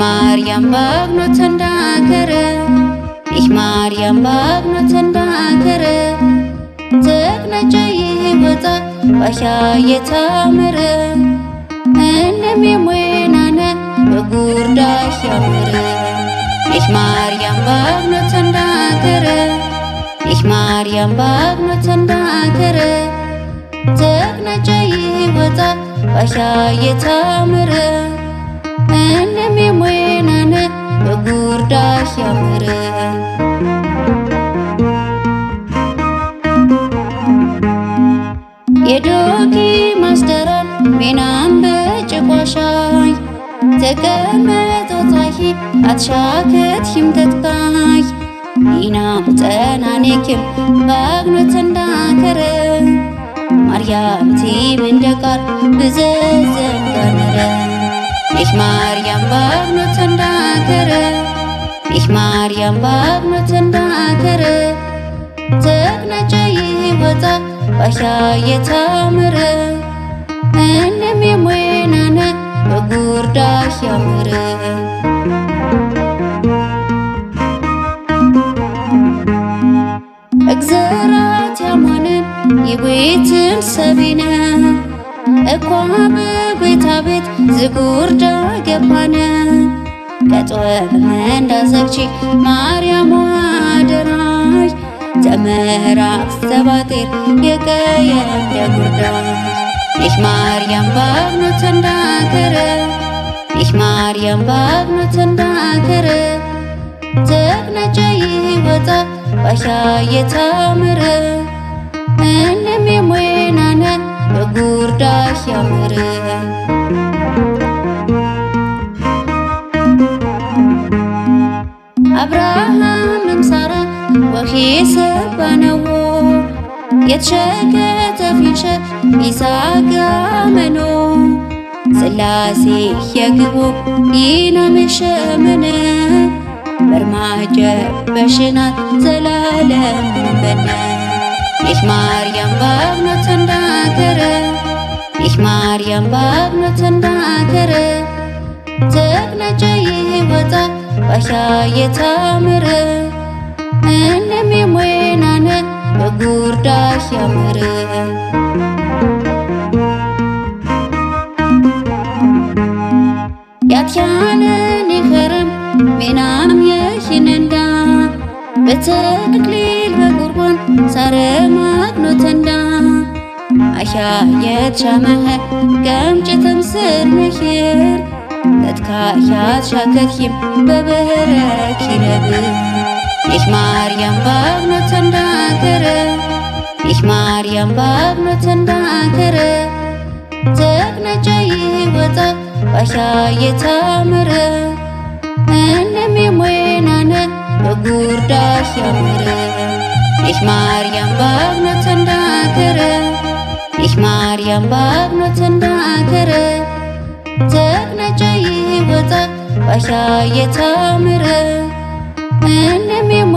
ማርያም ባግኖት እንዳገረ ይህ ማርያም ባግኖት እንዳገረ ተቅነጨ ይወጣ ባሻ የታምረ እንም የሞናነ በጉርዳሽ ይህ ማርያም ባግኖት እንዳገረ ይህ ማርያም ባግኖት እንዳገረ ተቅነጨ ይወጣ ባሻ የታምረ እንም ላሽ ያምረን የዶኪ ማስተራል ሚናም በጭቋሻይ ተቀመጦታይ አትሻከት ባግኖት እንዳከረ ማርያም እንደቃር ይህ ማርያም ባግኖት እንዳከረ ነሽ ማርያም ባግነት እንዳከረ ተቅነጨ ይወጣ ባሻ የታምረ እንደም የሞናነ በጉርዳሽ ያምረ እግዘራት ያማንን የቤትን ሰቢነ እኳ በቤታ ቤት ዝጉርዳ ገባነ መጥወብ እንዳሰብቺ ማርያም አደራሽ ተመራፍ ሰባቴር የቀየም ደጉርዳሽ ይህ ማርያም ይህ ማርያም ባብኖት ዘግነጨ ባሻ የታምረ አብርሃምም ሳራ ወሒሳብ አነዎ የተሸከተ ፊሸ ይስሐቅ አመኖ ሥላሴ የግቦ በርማጀ በሽናት ዘላለም በነ ይህ ማርያም ባብነት እንዳገረ ይህ ማርያም ባብነት እንዳገረ ተቅነጨ ይወጣ ባሻ የታምረ እንደሚሞናነ በጉርዳሽ ያምረ ያትያንን ይኸረም ሜናም የሽነንዳ በተክሊል በቁርባን ሳረማግኖተንዳ አሻ የትሻመኸ ገምጭ ተምስር ነሽር እትካ ያሻከትኪም በብህረ ኪረብ ይህ ማርያም ባብኖ ተንዳከረ ይህ ማርያም ባብኖ ተንዳከረ ዘግነጨ ይወጣ ባሻ የታምረ እንም የሞናነ በጉርዳሽ ያምረ ይህ ማርያም ባብኖ ተንዳከረ ይህ ማርያም ባብኖ ተንዳከረ ዘቅነጨ ይወጣ ባሻ የታምረ ምንም የሞ